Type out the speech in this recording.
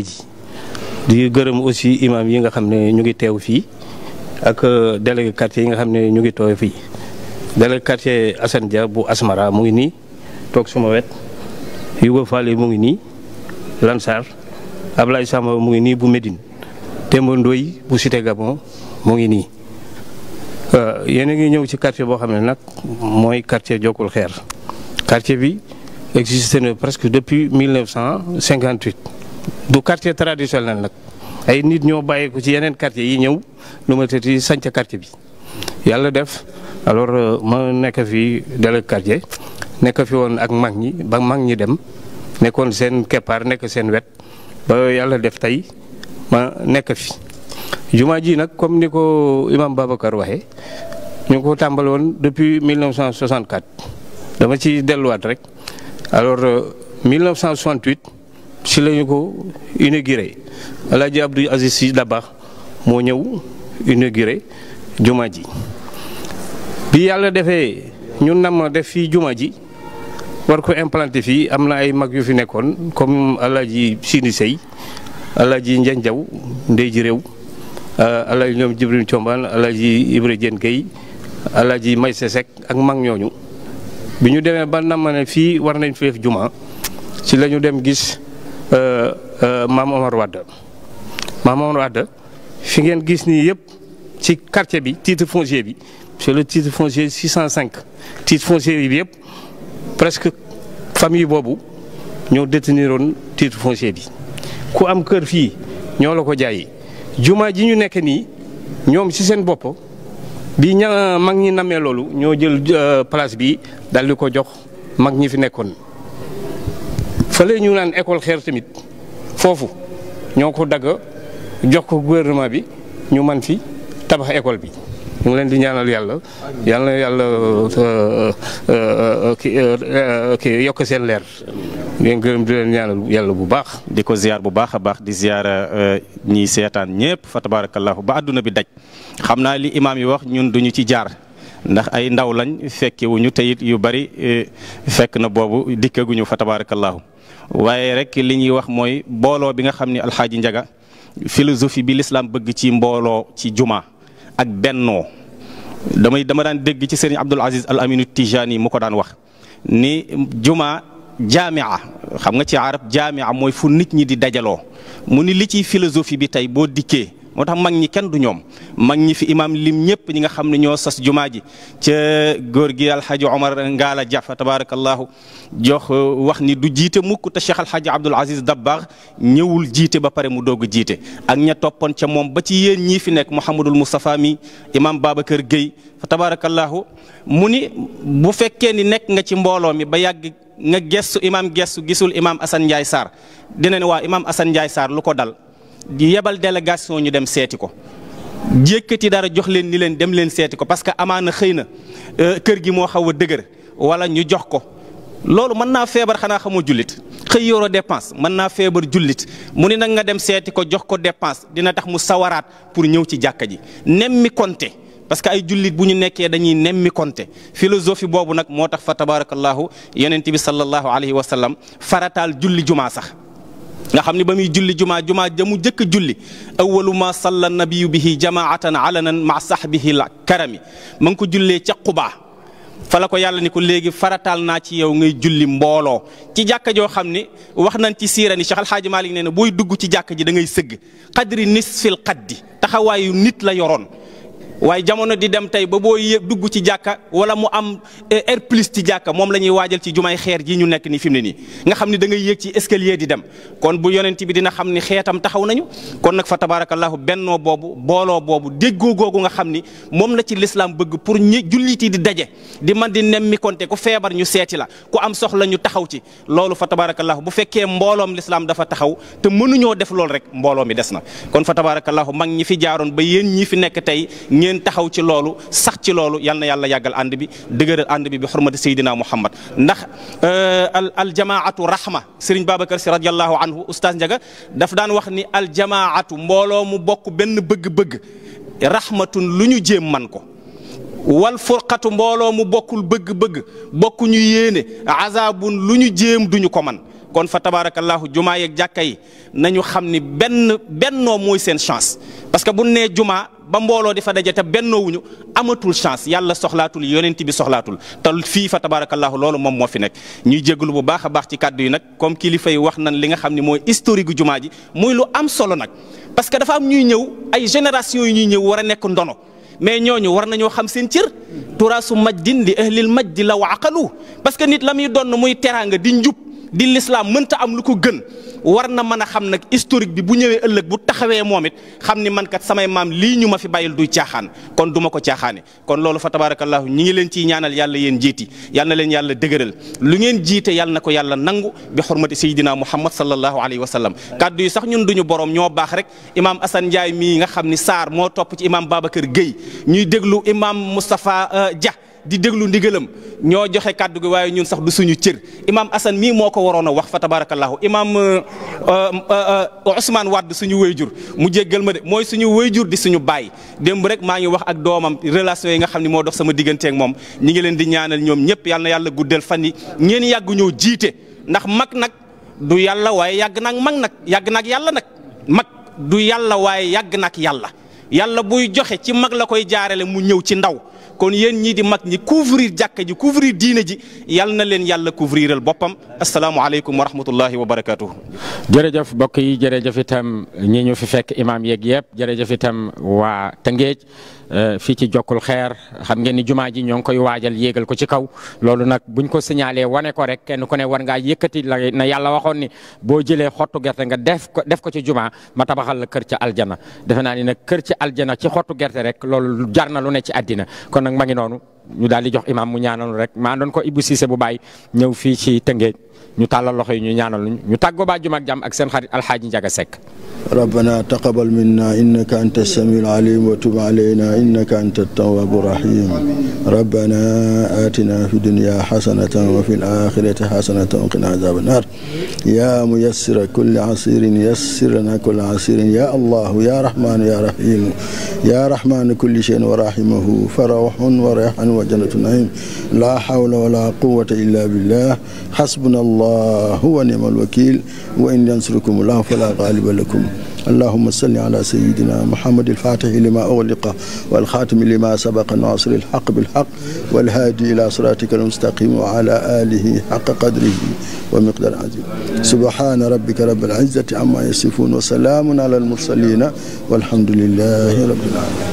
ji di gërëm aussi imam yi nga xam ne ñu ngi teew fii ak euh, délégué quartier yi nga xam ne ñu ngi tooy fii délégué quartier Assane bu Asmara mu ngi nii toog suma wet Yugo Fale mu ngi nii Lansar Ablaye Samba mu ngi nii bu Médine Demba Ndoy bu Cité Gabon mu ngi nii euh, yéen a ngi ñëw ci quartier boo xam ne nag mooy quartier Jokkul Xeer quartier bi existe na presque depuis du quartier traditionnel nag ay nit ñoo bàyyeeku ci yeneen quartier yi ñëw lu ma tëdd sanc quartier bi yàlla def alors euh, ma nekk fi délégué quartier nekk fi woon ak mag ñi ba mag ñi dem nekkoon seen keppaar nekk seen wet ba yàlla def tey ma nekk fi jumaa ji nag comme ni ko imam Babacar waxee ñu ngi ko tàmbali woon depuis 1964 dama ci delluwaat rek alors 1968 euh, ci lañu ko inauguré El Hadj Abdou Aziz Sy Dabakh moo ñëw inauguré juma ji bi yàlla defee ñu nam def fii juma ji war ko implanté fii am na ay mag yu fi nekkoon comme El ji Sini Sey ji Hadj Ndian ndey ji réew El euh, Hadj ñoom Jibril Thiombane El Hadj Ibra Diène Gueye El Hadj Maysa ak mag ñooñu bi ñu demee ba nam ne fii war nañ fi def juma lañu dem gis. Euh, euh, maam Omar Wade maam Omar Wade fi ngeen gis nii yëpp ci quartier bi titre foncier bi c'est le titre foncier 605 titre foncier bi yëpp presque famille boobu ñoo déteniroon titre foncier bi ku am kër fii ñoo la ko jaay juma ji ñu nekk nii ñoom si seen bopp bi ña mag ñi nammee loolu ñoo jël euh, place bi dal di ko jox mag ñi fi nekkoon fële ñu naan école xeer tamit foofu ñoo ko dagg jox ko gouvernement bi ñu man fi tabax école bi ñu ngi leen di ñaanal yàlla yàlla yàlla euh, euh, euh, kii yokk seen leer ngeen gërëm di yàlla bu baax. di ko ziar bu baax a baax di ziar ñiy seetaan ñëpp fa tabarakallahu ba àdduna bi daj xam naa li imaam yi wax ñun duñu ci jaar. ndax ay ndaw lañ fekki wuñu te it yu bari fekk na boobu dikkaguñu fa tabarakallahu waaye rek li ñuy wax mooy booloo bi nga xam ni alxaaji njaga philosophie bi lislam bëgg ci mbooloo ci jumaa ak bennoo damay dama daan dégg ci sëriñ Abdul Aziz Al Aminu Tijani mu ko daan wax ni juma jaamia xam nga ci arab jaamia mooy fu nit ñi di dajaloo mu ni li ci philosophie bi tey boo dikkee moo tax mag ñi kenn du ñoom mag ñi fi imaam lim ñëpp ñi nga xam ne ñoo sas jumaa ji ca góor gi alxaaji omar ngaala jafa tabarakallahu jox uh, wax ni du jiite mukk te cheikh alxaaji abdul aziz dabbaax ñëwul jiite ba pare mu dogg jiite ak ña toppoon ca moom ba ci yéen ñii fi nekk mouhamadul moustapha mi imaam babacar gueye fa tabarakallahu mu ni bu fekkee ni nekk nga ci mbooloo mi ba yàgg nga gestu imaam gestu gisul imaam asan ndiaye sarr dina ne waa imaam asan ndiaye lu ko dal di yebal délégation ñu dem seeti ko jékkati dara jox leen ni leen dem leen seeti ko parce que amaana xëy na euh, kër gi moo xaw a dëgër wala ñu jox ko loolu mën naa feebar xanaa xamoo jullit xëy yoroo dépense mën naa feebar jullit mu ni nag nga dem seeti ko jox ko dépense dina tax mu sawaraat pour ñëw ci jàkka ji nemmi konte parce que ay jullit bu ñu nekkee dañuy nemmi konte philosophie boobu nag moo tax fa tabarakallahu yonent bi sallallahu alayhi wa sallam farataal julli jumaa sax nga xam ni ba muy julli jumaa jumaa ja mu jëkk julli awalu ma salla nabiyu bihi jamaatan alanan ma sahbihi la karami ma ngi ko jullee ca Quba fala ko yàlla ni ko léegi farataal naa ci yow ngay julli mbooloo ci jàkka joo xam ni wax nañ ci siira ni Cheikh Al Hadj Malick nee na booy dugg ci jàkka ji da ngay sëgg qadri nisfil qaddi taxawaayu nit la yoroon. waaye jamono di dem tey ba boo yëg dugg ci jàkka wala mu am eh, air plus ci jàkka moom la ñuy waajal ci jumay xeer ji ñu nekk nii fi mu ne nii nga xam ni da ngay yéeg ci escalier di dem kon bu yonent bi dina xam ni xeetam taxaw nañu kon nag fa tabarakallahu bennoo boobu booloo boobu déggoo googu nga xam ni moom la ci lislaam bëgg pour ñi julliti di daje di man di nemmi konte ku feebar ñu seeti la ku am soxla ñu taxaw ci loolu fa tabarakallahu bu fekkee mbooloom lislaam dafa taxaw te mënuñoo def loolu rek mbooloo mi des na kon fa tabarakallahu fi nekk tey ngeen taxaw ci loolu sax ci loolu yal na yàlla yàggal ànd bi dëgëral ànd bi bi xurmati Seydina Muhammad ndax euh, al aljamaatu rahma Serigne Babacar si radiyallahu anhu oustaz Ndiaga daf daan wax ni aljamaatu mbooloo mu bokk benn bëgg-bëgg rahmatun lu ñu jéem man ko. wal furqatu mbooloo mu bokkul bëgg-bëgg bokkuñu yéene azabun lu ñu jéem duñu ko man kon fa tabarakallahu jumaa yeeg jàkka yi nañu xam ni benn bennoo mooy seen chance parce que bu nee jumaa ba mbooloo di fa daje te bennoowuñu amatul chance yàlla soxlaatul yonent bi soxlaatul te fii fa tabaarakallaahu loolu moom moo fi nekk ñuy jégalu bu baaxa baax ci kàddu yi nag comme kilifa yi wax nañ li nga xam ne mooy historique gu jumaa ji muy lu am solo nag parce que dafa am ñuy ñëw ay génération yu ñuy ñëw war a nekk ndono mais ñooñu war nañoo xam seen cër turaasu majdin li maj majdi la wa aqalu parce que nit la muy donn muy teraanga di njub di lislaam mënta am lu ko gën war na mën a xam nag historique bi bu ñëwee ëllëg bu taxawee moom it xam ni man kat samay maam lii ñu ma fi bàyyil du caaxaan kon duma ko caaxaane kon loolu fa tabaarakallaahu ñi ngi leen ciy ñaanal yàlla yéen jiiti yàlla leen yàlla dëgëral lu ngeen jiite yàlla na ko yàlla nangu bi xurmati sayyidina muhammad sallallahu alayhi wa sallam kàddu yi sax ñun duñu borom ñoo baax rek imaam Assane Ndiaye mii nga xam ni Saar moo topp ci imaam Babacar Guèye ñuy déglu imaam Moustapha euh, Dia di déglu ndigalam ñoo joxe kàddu gi waaye ñun sax du suñu cër imaam Assane mii moo ko waroon a wax fa tabaarakallaahu imaam euh, euh, euh, Ousmane Wade suñu wayjur mu jéggal ma de mooy suñu wayjur di suñu baay démb rek maa ngi wax ak doomam relation yi nga xam ne moo dox sama digganteeg moom ñi ngi leen di ñaanal ñoom ñëpp yal na yàlla guddal fan yi ñeen yàgg jiite ndax mag nag du yàlla waaye yàgg nag mag nag yàgg nag yàlla nag mag du yàlla waaye yàgg nag yàlla yàlla buy joxe ci mag la koy jaarale mu ñëw ci ndaw kon yéen ñii di mag ñi couvrir jàkka ji couvrir diina ji yal na leen yàlla couvriral boppam asalaamualeykum wa rahmatullahi wa barakaatu. jërëjëf mbokk yi jërëjëf itam ñi ñu fi fekk imaam yeeg yëpp jërëjëf itam waa Tëngéej Eh, fii ci jokkul xeer xam ngeen ni jumaa ji ñoo ngi koy waajal yéegal ko ci kaw loolu nag buñ ko signalé wane ko rek kenn ku ne war ngaa yëkkati la na yàlla waxoon ni boo jëlee xottu gerte nga def ko def ko ci jumaa ma tabaxal la kër ci aljana defe naa ni nag kër ci aljana ci xottu gerte rek loolu jar na lu ne ci àddina kon nag ma noonu ñu daal di jox imaam mu ñaanal rek maa doon ko Ibou Cissé bu bàyyi ñëw fii ci Tëngéej ñu tàllal loxo yi ñu ñaanal ñu tàggoo ba juma ak ak seen xarit Alxaaji Njaga Sekk ربنا تقبل منا إنك أنت السميع العليم وتب علينا إنك أنت التواب الرحيم ربنا آتنا في الدنيا حسنة وفي الآخرة حسنة وقنا عذاب النار يا ميسر كل عسير يسر لنا كل عسير يا الله يا رحمن يا رحيم يا رحمن كل شيء وراحمه فروح وريحان وجنة نعيم لا حول ولا قوة إلا بالله حسبنا الله ونعم الوكيل وإن ينصركم الله فلا غالب لكم اللهم صل على سيدنا محمد الفاتح لما أغلق والخاتم لما سبق ناصر الحق بالحق والهادي إلى صراطك المستقيم وعلى آله حق قدره ومقدار عظيم سبحان ربك رب العزة عما يصفون وسلام على المرسلين والحمد لله رب العالمين